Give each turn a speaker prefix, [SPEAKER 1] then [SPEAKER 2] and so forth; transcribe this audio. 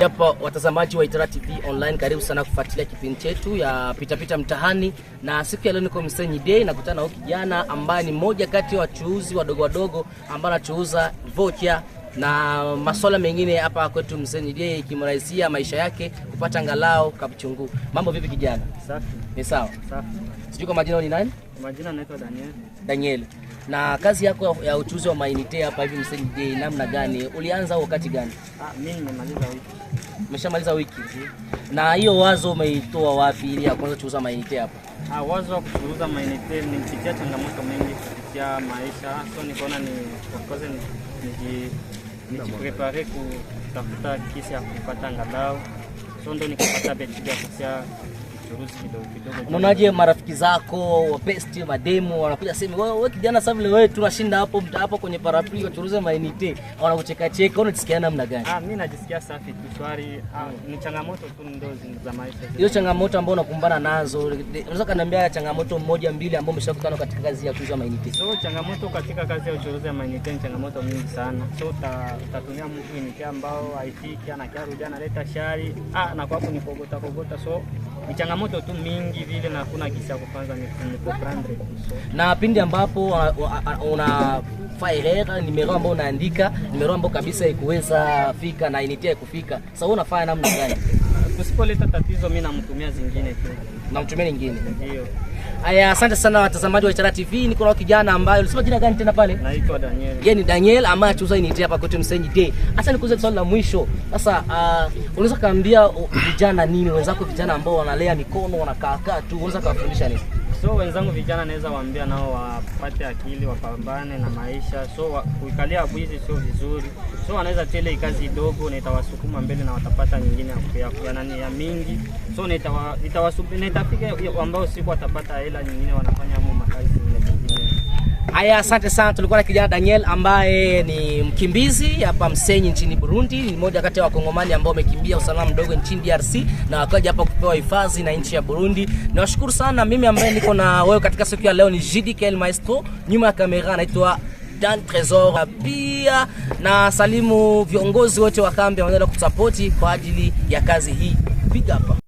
[SPEAKER 1] Japo watazamaji wa Itara TV online, karibu sana kufuatilia kipindi chetu ya pitapita mtahani na siku ya leo niko Msenyi Day, nakutana na huyu kijana ambaye ni mmoja kati ya wachuuzi wadogo wadogo ambao anachuuza vocha na masuala mengine hapa kwetu Msenyi Day, ikimrahisia maisha yake kupata angalau kapchungu. Mambo vipi kijana? Safi. Ni sawa. Safi. Sijui kwa majina ni nani?
[SPEAKER 2] Majina naitwa Daniel.
[SPEAKER 1] Daniel. Na kazi yako ya uchuzi wa mainite hapa hivi Msenyi namna gani? Ulianza wakati gani?
[SPEAKER 2] Ah, mimi nimemaliza wiki.
[SPEAKER 1] Umeshamaliza wiki. Na hiyo wazo umeitoa wapi ili ya kwanza kuuza mainite hapa?
[SPEAKER 2] Ah, wazo wa kuuza mainite nilipitia changamoto mengi kupitia maisha. So nikaona ni of ni, niji nijiprepare kutafuta kisi ya kupata ngadao So ndo nikapata beti ya
[SPEAKER 1] Unaonaje marafiki zako wa best mademu wanakuja sema wewe wewe kijana sasa vile wewe tunashinda hapo hapo kwenye parapli wachuruze mainite wanakucheka cheka, unajisikia namna gani?
[SPEAKER 2] Ah, mimi najisikia safi tu shwari. Ah, ni changamoto tu ndo za maisha.
[SPEAKER 1] Hiyo changamoto ambayo unakumbana nazo, unaweza kaniambia changamoto moja mbili ambayo umeshakutana katika kazi ya kuuza mainite?
[SPEAKER 2] So changamoto katika kazi ya uchuruzi wa mainite ni changamoto mingi sana. So utatumia mtu ambao haifiki, anakia rujana analeta shari, ah na kwa hapo ni kogota kogota, so ni changamoto changamoto tu mingi vile, na hakuna kisa ya kufanza comprendre.
[SPEAKER 1] Na pindi ambapo una faerera nimero ambayo unaandika nimero ambayo kabisa ikuweza fika na initia ikufika, sasa unafanya namna gani?
[SPEAKER 2] Usipoleta tatizo mimi namtumia zingine tu.
[SPEAKER 1] Namtumia nyingine. Ndio. Aya, asante sana watazamaji wa Itara TV. Niko na kijana ambaye ulisema jina gani tena pale?
[SPEAKER 2] Naitwa Daniel.
[SPEAKER 1] Yeye ni Daniel ambaye tuzo ni hapa kote Msenyi Day. Hasa nikuulize swali la mwisho. Sasa uh, unaweza kaambia vijana nini wenzako vijana ambao wanalea mikono wanakaa kaa tu, unaweza kawafundisha nini?
[SPEAKER 2] So wenzangu vijana naweza waambia nao wapate akili, wapambane na maisha. So wa, kuikalia bwizi sio vizuri. So wanaweza tele kazi dogo na itawasukuma mbele na watapata nyingine ya ya nani ya mingi. So na itawasukuma ambao siku watapata hela nyingine wanafanya makazi makazi
[SPEAKER 1] Haya, asante sana. Tulikuwa na kijana Daniel ambaye ni mkimbizi hapa Msenyi nchini Burundi, ni mmoja kati ya wakongomani ambao wamekimbia usalama mdogo nchini DRC na wakaja hapa kupewa hifadhi na nchi ya Burundi. washukuru sana. Mimi ambaye niko na wewe katika siku ya leo ni JDKL Maestro, nyuma ya kamera anaitwa Dan Tresor. Pia na salimu viongozi wote wa kambi wanaenda kusapoti kwa ajili ya kazi hii. Piga hapa.